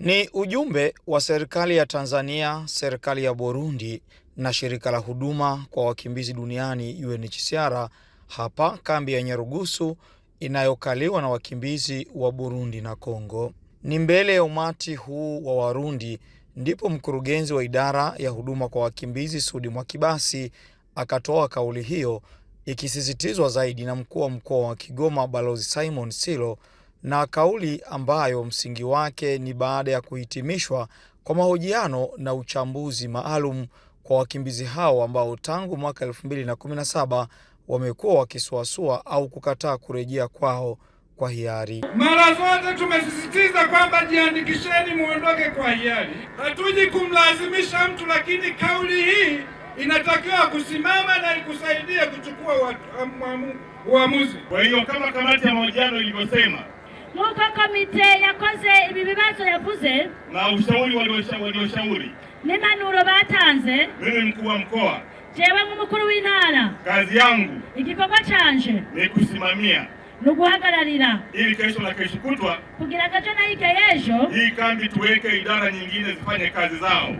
Ni ujumbe wa serikali ya Tanzania, serikali ya Burundi na shirika la huduma kwa wakimbizi duniani UNHCR hapa kambi ya Nyarugusu inayokaliwa na wakimbizi wa Burundi na Kongo. Ni mbele ya umati huu wa Warundi ndipo mkurugenzi wa idara ya huduma kwa wakimbizi Sudi Mwakibasi akatoa kauli hiyo, ikisisitizwa zaidi na mkuu wa mkoa wa Kigoma Balozi Simon Silo na kauli ambayo msingi wake ni baada ya kuhitimishwa kwa mahojiano na uchambuzi maalum kwa wakimbizi hao ambao tangu mwaka 2017 wamekuwa wakisuasua au kukataa kurejea kwao kwa hiari. Mara zote tumesisitiza kwamba jiandikisheni, muondoke kwa hiari. Hatuji kumlazimisha mtu, lakini kauli hii inatakiwa kusimama na ikusaidia kuchukua uamuzi. Kwa hiyo kama kamati ya mahojiano ilivyosema nk'uko komite yakoze ibi bibazo yavuze na ushauri walioshauri n'impanuro batanze mimi mkuu wa mkoa jewe nk'umukuru w'intara kazi yangu igikorwa canje ni kusimamia nuguhagararira ili kesho na kesho kutwa kugira kesho na hike yesho hii kambi tuweke idara nyingine zifanye kazi zao.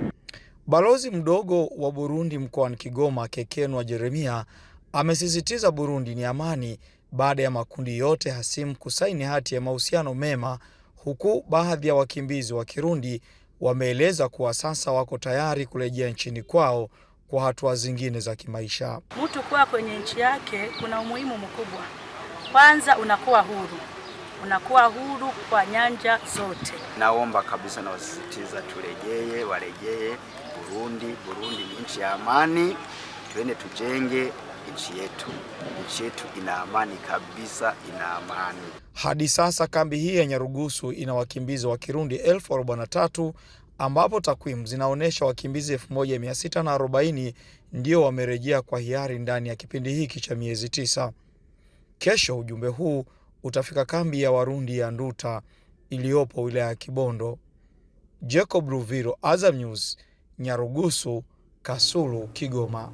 Balozi mdogo wa Burundi mkoani Kigoma Kekenwa Jeremia amesisitiza Burundi ni amani baada ya makundi yote hasimu kusaini hati ya mahusiano mema, huku baadhi ya wakimbizi wa Kirundi wameeleza kuwa sasa wako tayari kurejea nchini kwao kwa hatua zingine za kimaisha. Mtu kuwa kwenye nchi yake kuna umuhimu mkubwa. Kwanza unakuwa huru, unakuwa huru kwa nyanja zote. Naomba kabisa, nawasisitiza turejee, warejee Burundi. Burundi ni nchi ya amani, tuende tujenge nchi yetu. Nchi yetu ina amani kabisa, ina amani. Hadi sasa kambi hii ya Nyarugusu ina wakimbizi wa Kirundi elfu arobaini na tatu ambapo takwimu zinaonyesha wakimbizi 1640 ndio wamerejea kwa hiari ndani ya kipindi hiki cha miezi tisa. Kesho ujumbe huu utafika kambi ya Warundi ya Nduta iliyopo wilaya ya Kibondo. Jacob Ruviro, Azam News, Nyarugusu. Kasulu Kigoma.